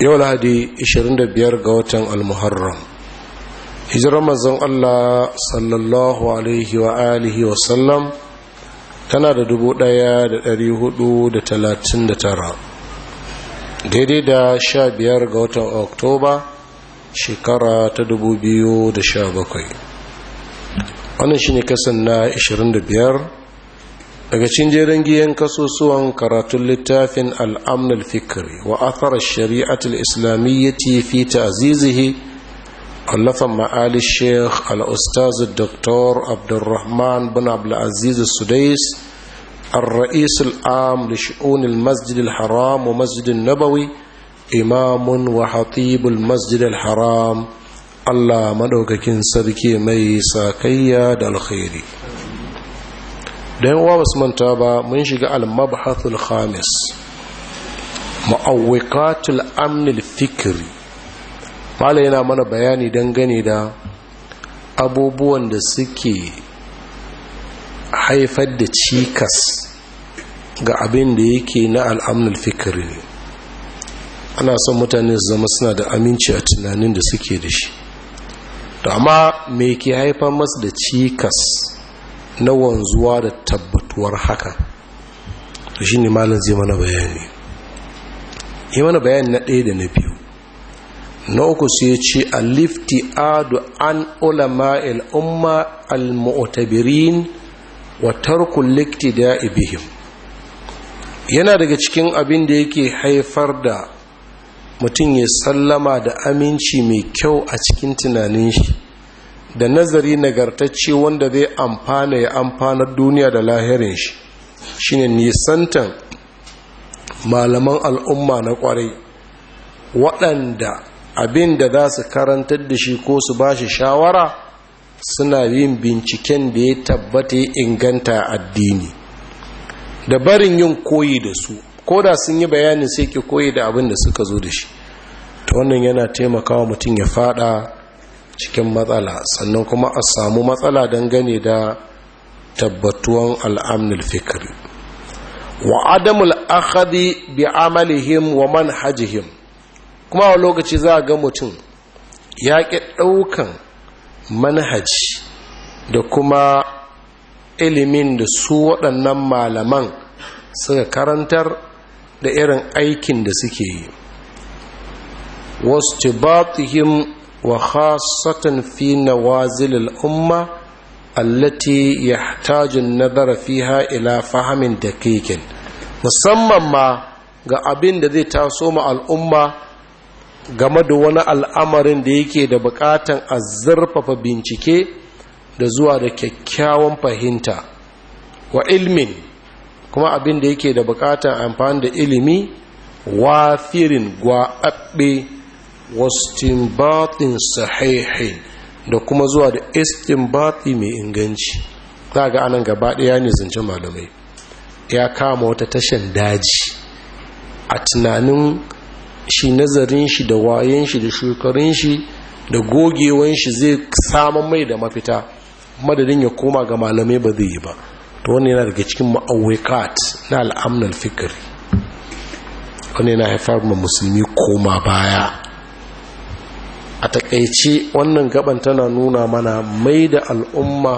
yau lahadi 25 ga watan almuharram hijirar mazan allah sallallahu alaihi wa alihi wa sallam tana da da talatin tara, daidai da sha biyar ga watan oktoba shekara ta dubu biyu da sha bakwai, wannan shi ne kasan na 25 daga cin jeren giyan kasusuwan karatun littafin al'amnul fikri wa athar shari'atul islamiyyati fi ta'zizihi allafan ma'ali sheikh al-ustaz dr Abdulrahman bin abdulaziz sudais الرئيس العام لشؤون المسجد الحرام ومسجد النبوي إمام وحطيب المسجد الحرام الله sarki mai ميسا كيا دالخيري don yawa su manta ba mun shiga al-mabhathul khamis ma'awwikatul amnil fikiri wala yana mana bayani dangane da abubuwan da suke haifar da cikas ga abin da yake na al'amnul fikiri ne ana son mutane su zama suna da aminci a tunanin da suke da shi to amma me ke haifar masu da cikas na wanzuwa da tabbatuwar haka to shi ne malin zai mana bayani yi mana bayani na ɗaya da na biyu na uku sai ce alifti adu an ulama al'umma al-mu'tabirin wa tarkul likti da ibihim yana daga cikin abin da yake haifar da mutum ya sallama da aminci mai kyau a cikin tunanin shi da nazari nagartacce wanda zai amfana ya amfana duniya da lahirin shi shine nisantan malaman al'umma na kwarai waɗanda abin da za su karantar da shi ko su ba shi shawara suna yin binciken da ya tabbata ya inganta addini da barin yin koyi da su ko da sun yi bayanin sai ke koyi da abin da suka zo da shi ta wannan yana taimakawa mutum ya fada cikin matsala sannan kuma a samu matsala dangane da tabbatuwan al'amnul fikri wa adamul akhadi bi amalihim wa manhajihim kuma a lokaci za a ga mutum ya ƙi ɗaukan manhaji da kuma ilimin da su waɗannan malaman suka karantar da irin aikin da suke yi wasu wa khasatan fi nawazil al-umma allati yahtaju an-nadara fiha ila fahamin daqiqin musamman ma ga abin da zai taso ma al'umma game da wani al'amarin da yake da bukatan a zurfafa bincike da zuwa da kyakkyawan fahimta wa ilmin kuma abin da yake da bukatan amfani da ilimi wafirin gwaɓaɓɓe wastinbatin sahihi da kuma zuwa da istinbati mai inganci za ga anan gaba ɗaya ne zance malamai ya kama wata tashan daji a tunanin shi nazarin shi da wayan shi da shekarun shi da gogewan shi zai samun mai da mafita madadin ya koma ga malamai ba zai yi ba to wani yana daga cikin ma'awikat na al'amnal fikir wani yana haifar ma musulmi koma baya a takaice wannan gaban tana nuna mana mai da al'umma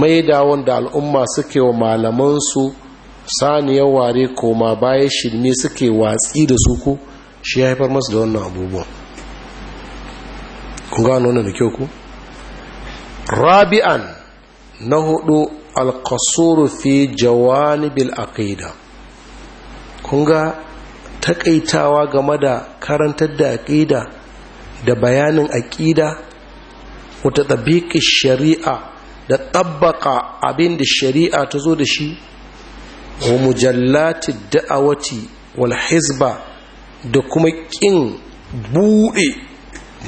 mai da wanda al'umma suke wa malamansu saniyar ware koma baya shirme suke watsi da su ku shi ya haifar masu da wannan abubuwan ku gano wannan da kyau ku rabi'an na hudu alkasuru fi jawanibil aqida kun ga takaitawa game da karantar da aqida da bayanin aƙida wata tabiƙi shari'a da ɗabbaƙa abin da shari'a ta zo da shi wa mujallati da'awati wal hizba da kuma ƙin buɗe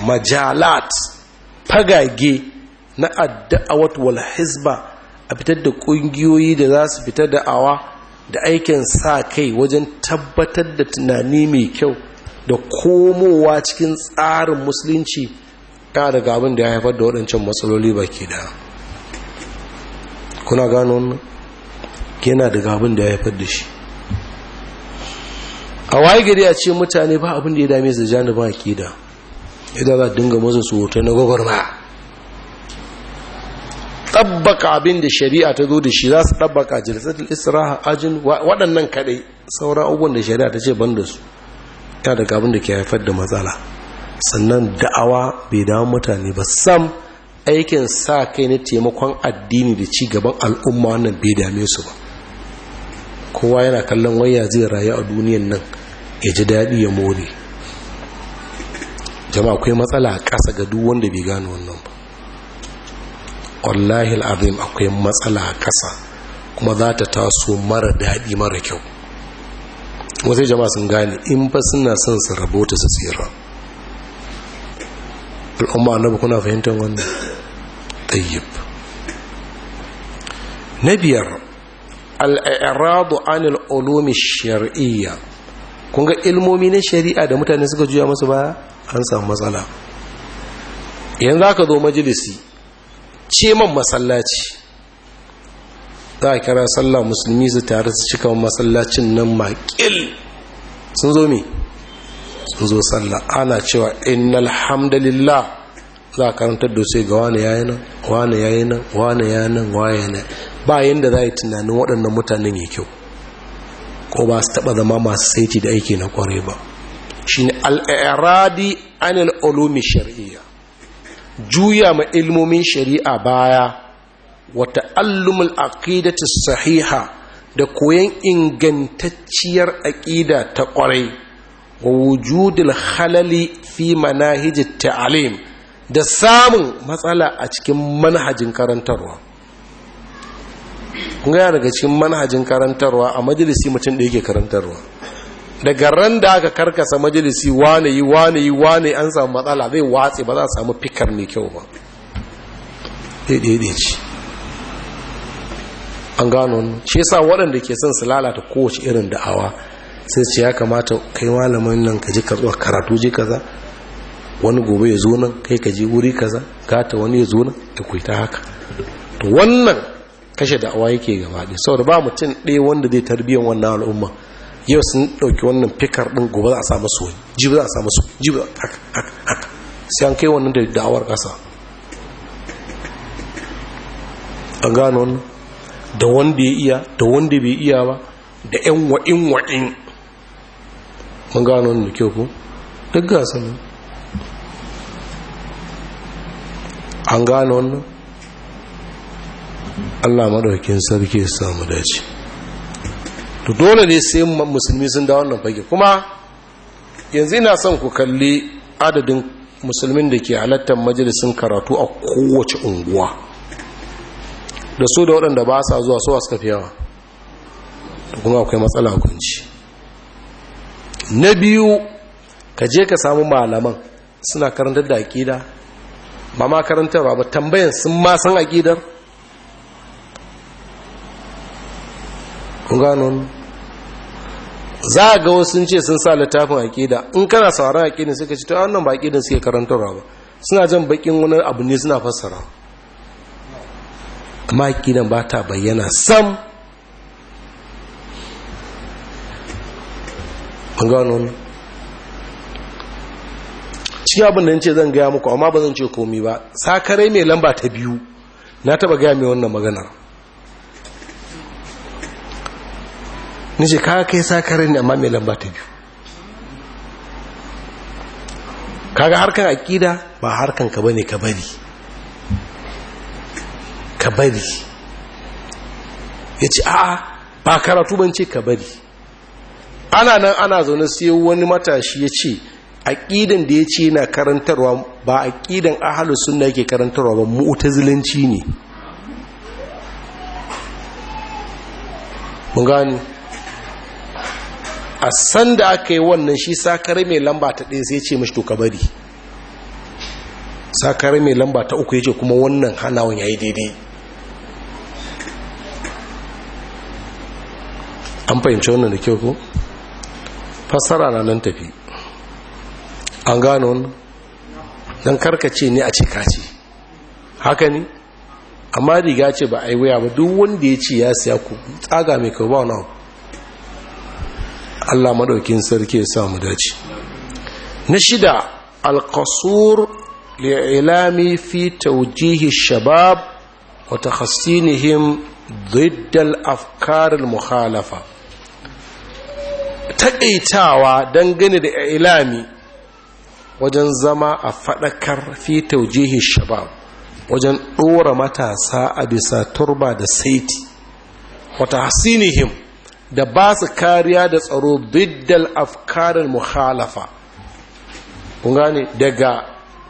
majalat fagage na adda'awat wal hizba a fitar da ƙungiyoyi da za su fitar da'awa da aikin sa kai wajen tabbatar da tunani mai kyau da komowa cikin tsarin musulunci ta daga abin da ya haifar da waɗancan matsaloli baki da kuna gano wani? yana daga abin da ya haifar da shi a waye gari a ce mutane ba abin da ya dame su jani ba akida idan za dinga masa hoto na gwagwarma Ɗabbaka abin da shari'a ta zo da shi za su tabbaka jilsatul isra'a ajin waɗannan kaɗai sauran abubuwan da shari'a ta ce ban da su ya daga abin da ke haifar da matsala sannan da'awa bai dawo mutane ba sam aikin sa kai na taimakon addini da ci gaban al'umma wannan bai dame su ba kowa yana kallon waya zai rayu a duniyan nan ya ji daɗi ya more jama'a akwai matsala a ƙasa ga duk wanda bai gano wannan ba wallahi al'azim akwai matsala a ƙasa kuma za ta taso mara daɗi mara kyau wasu jama'a sun gane in ba suna son su rabota su tsira al'umma na kuna fahimtar wannan tayyib na biyar al'iradu anil ulumi shari'iyya kun ga ilmomi na shari'a da mutane suka juya masu ba an samu matsala yanzu aka zo majalisi ce man masallaci za a kira sallah musulmi su tare su cika masallacin nan makil sun zo mi sun zo sallah ana cewa innal hamdalillah za a karanta da ga wani yayi nan wani yayi nan wani yayi nan waye ne ba yanda za a yi tunanin waɗannan mutanen ya kyau ko ba su taɓa zama masu saiti da aiki na kwarai ba shi ne al'iradi anil ulumi shari'a juya ma ilmomin shari'a baya wa ta'allumul aqidati sahiha da koyon ingantacciyar aqida ta kwarai wa wujudul halali fi manahijit ta'alim da samun matsala a cikin manhajin karantarwa kun gaya daga cikin manhajin karantarwa a majalisi mutum da yake karantarwa daga ran da aka karkasa majalisi wane yi wane yi wane an samu matsala zai watse ba za a samu fikar mai kyau ba daidai an gano shi yasa waɗanda ke son su lalata kowace irin da'awa sai ce ya kamata kai malamin nan ka ji karɓar karatu ji kaza wani gobe ya zo nan kai ka ji wuri kaza gata wani ya zo nan ta ku ta haka to wannan kashe da'awa yake gaba ɗaya saboda ba mutum ɗaya wanda zai tarbiyyar wannan al'umma yau sun ɗauki wannan fikar ɗin gobe za a samu su jibi za a samu su jibi haka haka haka sai an kai wannan da da'awar ƙasa an gano wannan da wanda ya iya da wanda bai iya ba da 'yan wa'in wa'in mun gano da kyau ku duk gasa ne an gano wannan allah maɗaukin sarki ya samu dace to dole ne sai musulmi sun da wannan fage kuma yanzu ina son ku kalli adadin musulmin da ke halattar majalisun karatu a kowace unguwa da su da waɗanda ba sa zuwa suwa suka fi yawa kuma akwai matsala kunci na biyu ka je ka samu malaman suna karantar da aƙida ba ma karantarwa ba tambayan sun ma san aƙidar gano za a ga wasu ce sun sa littafin aƙida in kana sauran aƙidin suka ci ta wannan ba aƙidin suke karantarwa ba suna jan bakin wani abu ne suna fassara maki nan ba ta bayyana sam an wani cikin abin da ce zan gaya muku amma ba zan ce komi ba sakarai mai lamba ta biyu na taba gaya mai wannan maganar ce ka kai sakarai ne amma mai lamba ta biyu kaga harkan akida ba harkan ka bane ka bari ka bari ya ce a'a ba karatu ban ce ka bari ana nan ana zaune sai wani matashi ya ce aƙidan da ya ce yana karantarwa ba aƙidan ahalu suna yake karantarwa ba zilanci ne mun gani a san da aka yi wannan shi sakare mai lamba ta ɗaya sai ce mashi to ka bari sakare mai lamba ta uku ya ce kuma wannan hannawan ya yi daidai an fahimci wannan da kyau ko fassara na nan tafi an gano kar don karkace ne a ce haka ne amma riga ce ba a yi wuya ba duk wanda ya ce ya siya ku tsaga mai kawo ba wani allah maɗaukin sarki ya samu dace na shida alkasur li'ilami fi taujihi shabab wa takhassinihim ضد الأفكار المخالفة taƙaitawa dangane da ilami wajen zama a faɗakar fi taujihin shabab wajen ɗora matasa a bisa turba da saiti wata hasinihim da ba su kariya da tsaro biddal afkarin muhalafa kun gane daga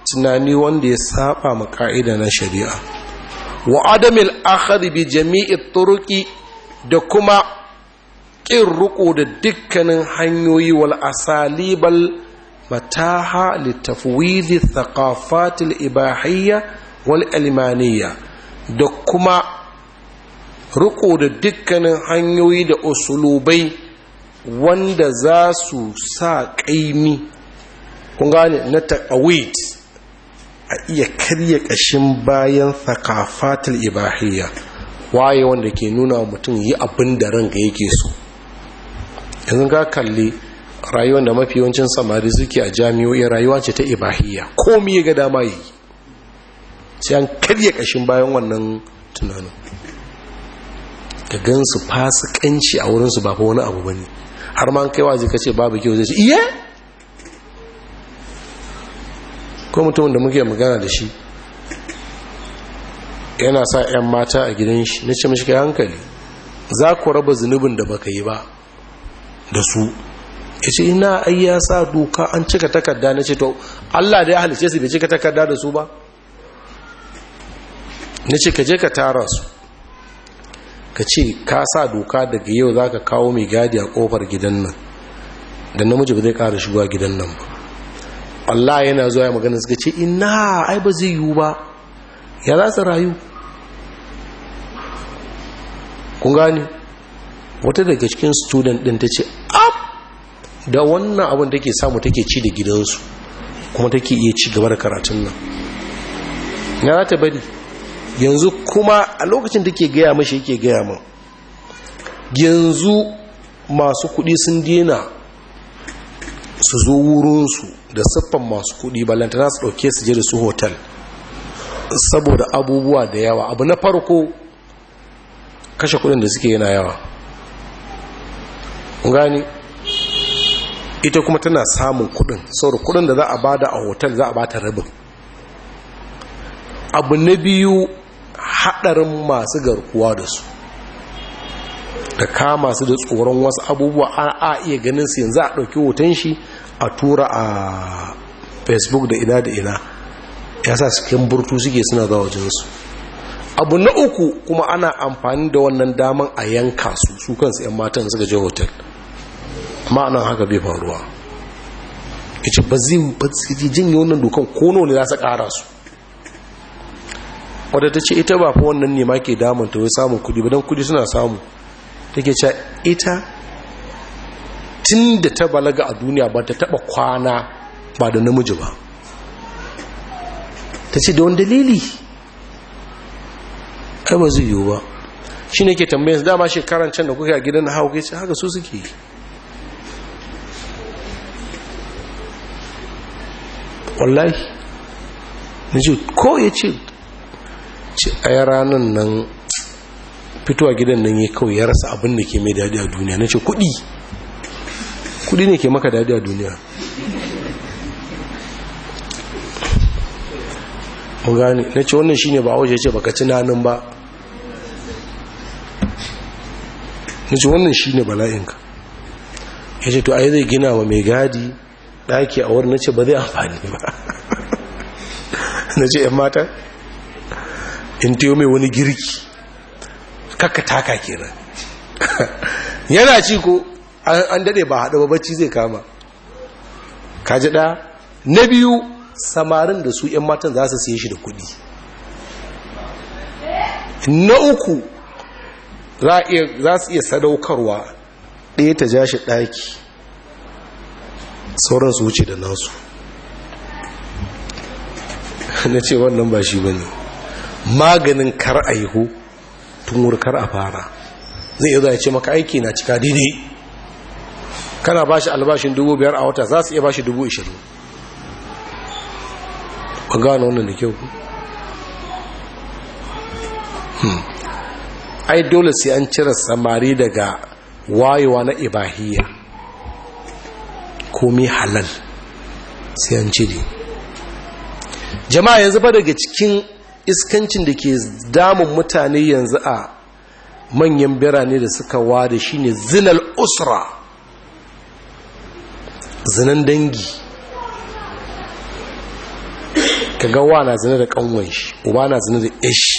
tunani wanda ya saba ma ka'ida na shari'a wa adamil akhadhi bi jami'i Turuki da kuma ƙin riƙo da dukkanin hanyoyi wal asalibal mataha littafwidi thaqafatil ibahiyya wal almaniyya da kuma riƙo da dukkanin hanyoyi da usulubai wanda za su sa ƙaimi kun gane na taƙawid a iya karya ƙashin bayan thaqafatil ibahiyya waye wanda ke nuna mutum yi abin da ranka yake so yanzu ka kalli rayuwar da mafi yawancin samari suke a jami'o'i rayuwa ce ta ibahiyya komi ya ga dama yi sai an karya kashin bayan wannan tunanin ka gan su fasikanci a wurinsu ba fa wani abu ba har ma kai waje zai ce babu kyau zai ce iya ko mutumin da muke magana da shi yana sa 'yan mata a gidan shi na ce mashi kai hankali za ku raba zunubin da baka yi ba da su ya ce ina ai ya sa doka an cika takarda na ce to allah da ya halice su bai cika takarda da su ba na ce ka je ka tara su ka ce ka sa doka daga yau za ka kawo mai gadi a kofar gidan nan da namiji ba zai kara shiga gidan nan ba allah yana zuwa ya magana suka ce ina ai ba zai yiwu ba ya za su rayu kun gani wata daga cikin student din ta ce ab da wannan abin ke samu take ci da gidansu kuma take iya ci gaba da karatun nan na ta bari yanzu kuma a lokacin da ke gaya mashi yake gaya min yanzu masu kudi sun dina su zo wurinsu da siffan masu kudi ballantana su dauke su je su hotel saboda abubuwa da yawa abu na farko kashe kudin da suke yana yawa gani ita kuma tana samun kudin saurin kudin da za a bada a hotel za a ba ta rabin abu na biyu hadarin masu garkuwa da su da kama su da tsoron wasu abubuwa a iya ganin su yanzu a ɗauki hoton shi a tura a facebook da ina da ina ya sa cikin burtu suke suna zawa su abu na uku kuma ana amfani da wannan daman a yanka su su kansu 'yan matan suka je hotel ma'anan haka bai faruwa ya ce ba zai yi wannan dokan kono ne za su ƙara su wadda ce ita ba fa wannan ne ma ke ta wai samun kudi ba don kudi suna samu ta ke ce ita tun da ta balaga a duniya ba ta taɓa kwana ba da namiji ba ta ce da wani dalili ai ba zai yiwu ba shi ne ke tambayin dama shekaran can da kuka gidan na hau kai ce haka su suke yi wallahi na ce ko ya ce ce a yi ranar nan fitowa gidan nan ya kawai ya rasa abin da ke mai daɗi a duniya na ce kuɗi kuɗi ne ke maka daɗi a duniya mun na ce wannan shine ba waje ce baka tunanin ba na ce wannan shine bala'inka ya ce to a yi zai gina wa mai gadi ɗaki a wurin nace ce ba zai amfani ba na ce ‘yan mata in tiyo mai wani girki kakka taka kenan yana ci ko an daɗe ba ba bacci zai kama ka ji ɗaya na biyu samarin da su ‘yan matan za su siye shi da kuɗi na uku za su iya sadaukarwa ɗaya ta ja ɗaki sauran su wuce da nasu na ce wannan ba shi ba ne maganin kar a yiho tun wurkar a fara zai iya zai ce maka aiki na cika daidai kana ba shi albashin dubu biyar a wata za su iya ba shi dubu ishirin ba gano wannan da kyau hmm. ai dole sai an cire samari daga wayewa na ibahiyya komai halal sai an ci ne jama'a yanzu ba daga cikin iskancin da ke damun mutane yanzu a manyan birane da suka ware shine zinal usra zinan dangi kaga wa na zina da kanwai shi uba na zina da yashi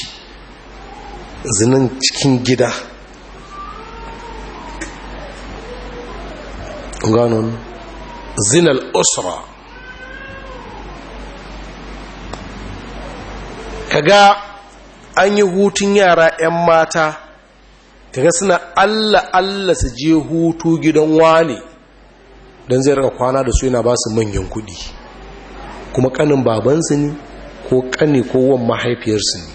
zinan cikin gida gano zinal usra kaga an yi hutun yara 'yan mata kaga suna allah allah su je hutu gidan wane don zai raka kwana da su yana ba su manyan kuɗi, kuma ƙanin babansu ne ko kane ko wan mahaifiyarsu ne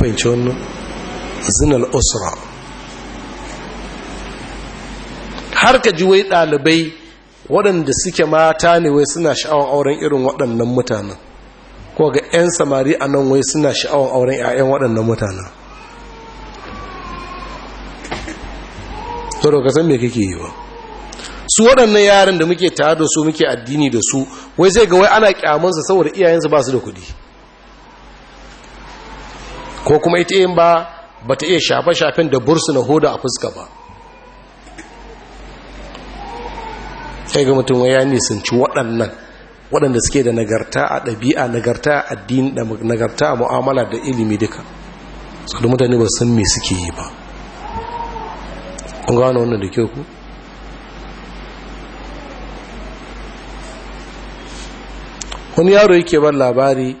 fahimci wannan zinal usra har ka ji wai ɗalibai waɗanda suke mata ne wai suna sha'awar auren irin waɗannan mutanen ko ga 'yan samari a nan wai suna sha'awar auren 'ya'yan waɗannan mutanen saboda ka me kake yi ba su waɗannan yaran da muke tare da su muke addini da su wai zai ga wai ana kyamunsa saboda iyayensu ba su da kuɗi ko kuma ita yin ba ba ta iya shafe-shafen da bursu na hoda a fuska ba sai ga mutum ya nisanci waɗannan waɗanda suke da nagarta a ɗabi'a nagarta a addini da nagarta a mu'amala da ilimi duka su da mutane ba san me suke yi ba kun gano wannan da ke ku wani yaro yake ban labari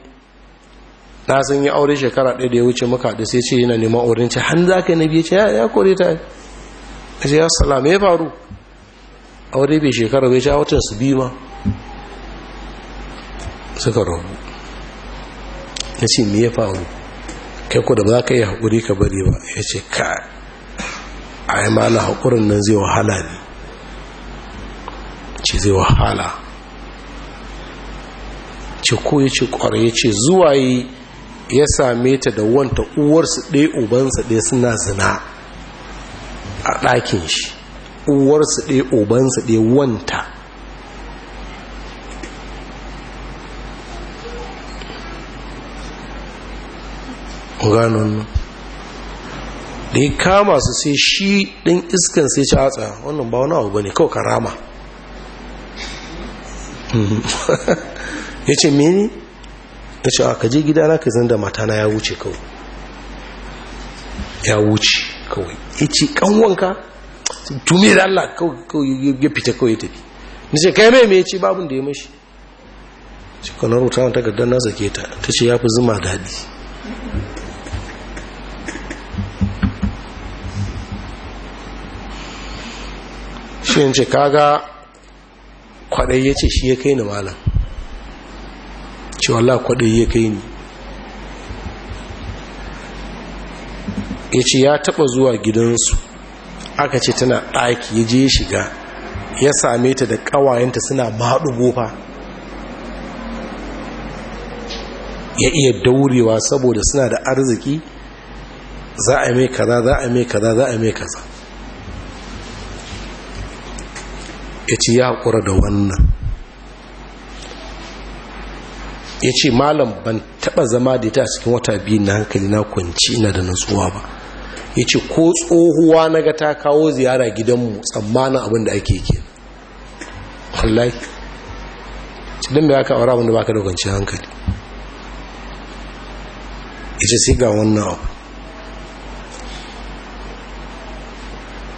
na sun yi aure shekara ɗaya da ya wuce muka da sai ce yana neman auren ce hannu za ka yi na biye ce ya kore ta ya ce ya salama ya faru aure bai shekara bai ja watan su biyu ma suka rabu ya ce me ya faru kai ku da ba za ka yi haƙuri ka bari ba ya ce ka a yi mana haƙurin nan zai wahala ne ce zai wahala ce ko ya ce ƙwarar ya ce zuwa yi ya same ta da wanta uwarsu ɗaya ubansa ɗaya suna zina a ɗakin shi uwarsu ɗaya ubansu ɗaya wanta ganon da ya kama su sai shi ɗin iskan sai ci hatsa wannan ba wani abu ba ne kawai karama ya ce mini ya ce a kaje gidana ka zan da matana ya wuce kawai ya wuce kawai ya ce kanwanka tumi da Allah kawai ya fita kawai ya tafi na ce kai mai mai ce babu da ya mashi shi kanar wuta wata gadar na zake ta ta ce ya fi zuma daɗi shi yance kaga kwaɗai ya ce shi ya kai ni malam ce wala kwaɗai ya kai ni ya ce ya taɓa zuwa gidansu aka ce tana ɗaki ya je shiga ya same ta da ƙawayenta suna maɗu gofa ya iya daurewa saboda suna da arziki za a mai kaza za a mai kaza za a mai kaza ya ce ya haƙura da wannan ya ce malam ban taɓa zama da ita a cikin wata biyu na hankali na kwanci ina da nutsuwa ba ya ce ko tsohuwa na ga ta kawo ziyara gidanmu tsammanin abin da ake ke wallahi don da aka aura abin da ka daukanci hankali ya ce sai ga wannan abu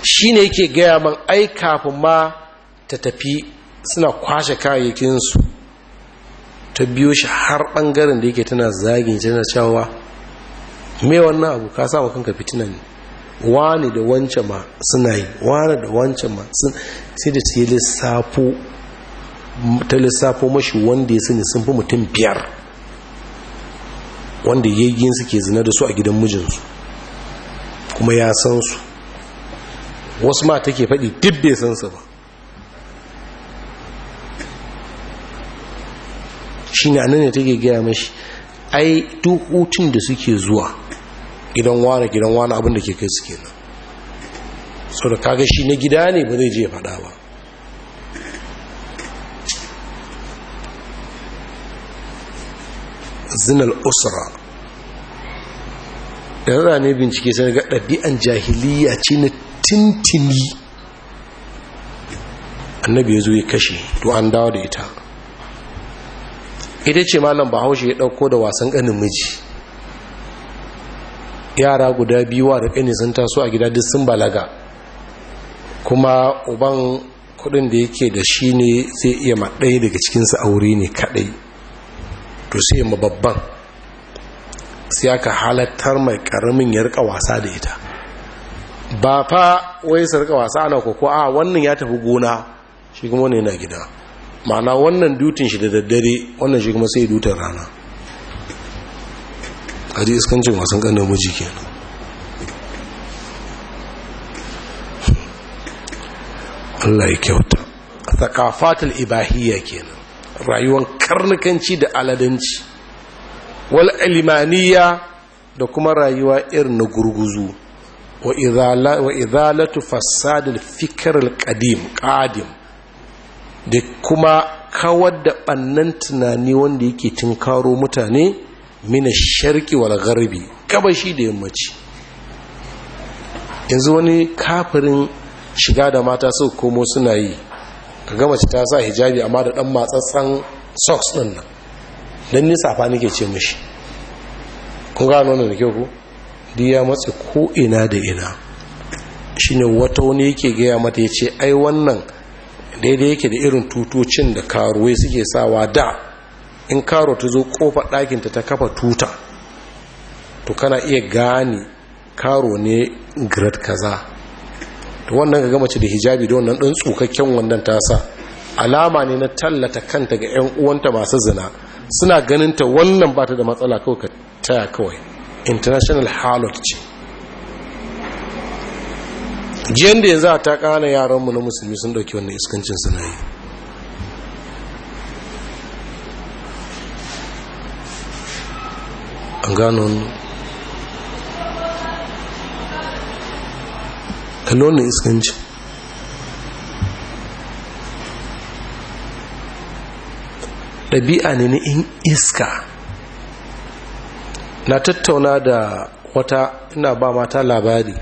shi ne yake gaya man ai kafin ma ta tafi suna kwashe kayayyakinsu ta biyo shi har ɓangaren da yake tana zagin tana cewa me wannan abu ka sa kanka fitina ne wani da wancan ma suna yi wani da wancan ma sai da ta lissafo ta lissafo mashi wanda ya sani sun fi mutum biyar wanda yayyin suke zina da su a gidan mijinsu kuma ya san su wasu ma take faɗi duk bai san su ba shi ne anan ne take gaya mashi ai duk hutun da suke zuwa gidan wane gidan wane abin da ke kai suke kenan so da kaga shi na gida ne ba zai je faɗa ba zinal usra da rana ne bincike sai ga ɗabi'an jahiliya ce na tintini annabi ya zo ya kashe to an dawo da ita ita ce malam bahaushe ya ɗauko da wasan ƙanin miji yara guda biyu wa rufe ne sun taso a gida duk sun balaga kuma uban kudin da yake da shi ne zai iya maɗaya daga cikinsu aure ne kaɗai to sai ma babban sai aka halattar mai ƙaramin ya rika wasa da ita ba fa wai su rika wasa ana koko a wannan ya tafi gona shi kuma wani yana gida ma'ana wannan dutin shi da daddare wannan shi kuma sai dutin rana a ji iskancin wasan kanin miji kenan Allah ya kyauta thaqafatul ibahiyya kenan rayuwar karnukanci da aladanci wal da kuma rayuwa irin na gurguzu wa izalatu fasadil fikir alƙadim ƙadim da kuma kawar da ɓannan tunani wanda yake tinkaro mutane mina sharki wal garbi gabashi da yammaci yanzu wani kafirin shiga da mata su komo suna yi ka gama ci ta sa hijabi amma da dan matsatsan socks din nan dan ni safa nake ce mishi kun gano wannan da kyau ko di ya matsa ko ina da ina shine wata wani yake gaya mata yace ai wannan daidai yake da irin tutocin da karuwai suke sawa da in karo ta zo kofar ɗakinta ta kafa tuta to kana iya gane karo ne grade kaza to wannan ga mace da hijabi da wannan ɗin tsukakken wannan tasa alama ne na tallata kanta ga 'yan uwanta masu zina suna ganin ta wannan ba ta da matsala kawai ka taya kawai international halot ce jiyan da yanzu a ta kana yaranmu na musulmi sun ɗauki wannan iskancin suna an gano iskanci ɗabi'a ne na in iska na tattauna da wata ina ba mata labari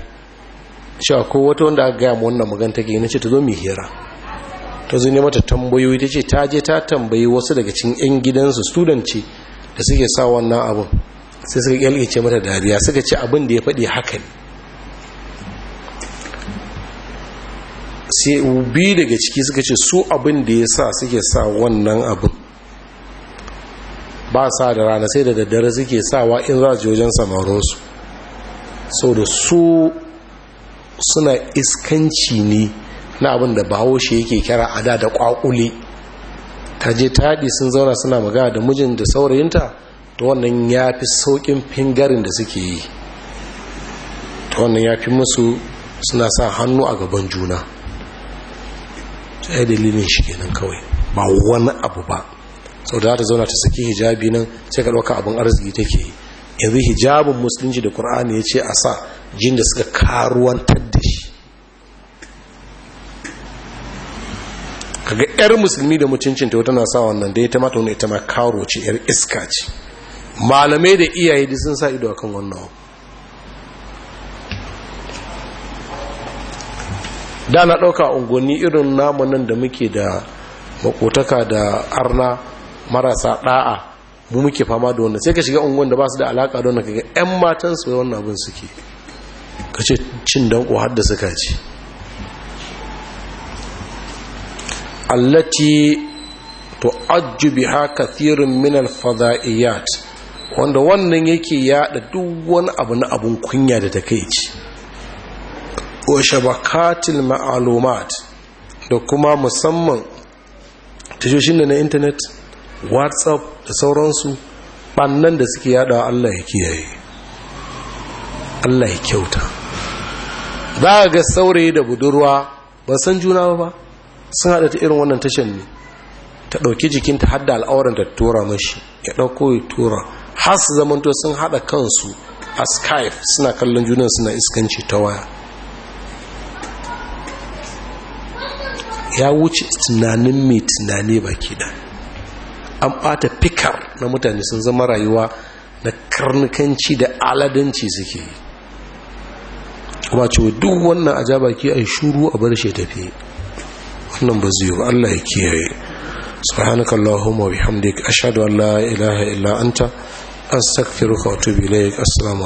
cewa ko wata wanda aka gaya wannan magan take na ce ta zo mai hira ta zo ne mata tambayoyi ta ce ta je ta tambayi wasu daga cikin 'yan gidansu student da suke sa wannan abin sai suka kyalkice mata dariya suka ce abin da ya faɗi haka ne sai ubi daga ciki suka ce su abin da ya sa suke sa wannan abin ba sa da rana sai da daddare suke sawa in za ji wajen samarosu sau da su suna iskanci ne na abin da bahaushe yake kira a da kwakule ta je taɗi sun zauna suna magana da mijin da saurayinta to wannan ya fi sauƙin fingarin da suke yi to wannan ya fi musu suna sa hannu a gaban juna sai dalilin shi kenan kawai ba wani abu ba sau da ta zauna ta saki hijabi nan sai ka ɗauka abin arziki take yi yanzu hijabin musulunci da ƙur'ani ya ce a sa jin da suka karuwantar da shi kaga 'yar musulmi da mutuncinta wata na sa wannan da ya ta mata wani ita ma karo ce 'yar iska ce malamai da iyaye da sun sa ido a kan wannan da na ɗauka unguwanni irin namunan da muke da makotaka da arna marasa ɗa'a mu muke fama da wannan sai ka shiga unguwan da ba su da alaƙa don ka kaga 'yan matan su wannan abin suke ka ce cin danko har da suka ci allati tu'ajju biha kathirun min al-fada'iyat wanda wannan yake yada duk wani abu na abun kunya da ta takeici wa shabakatil ma'alumat da kuma musamman tashoshin da na intanet whatsapp da sauransu bannan da suke yada Allah ya kiyaye Allah ya kyauta za ga saurayi da budurwa ba san juna ba sun haɗa ta irin wannan tashan ne ta ɗauki jikinta hada al'auranta ta tura mashi ya ɗauko ya tura har su zamanto sun haɗa kansu a skype suna kallon junan suna iskanci ta waya ya wuce tunanin mai tunani baki da an ɓata fikar na mutane sun zama rayuwa na karnukanci da aladanci suke yi Wace duk wannan a jabaki a shuru a bar shi tafi wannan ba zai ba Allah ya kiyaye subhanakallahumma wa bihamdika ashhadu an la ilaha illa anta astaghfiruka wa atubu ilaik assalamu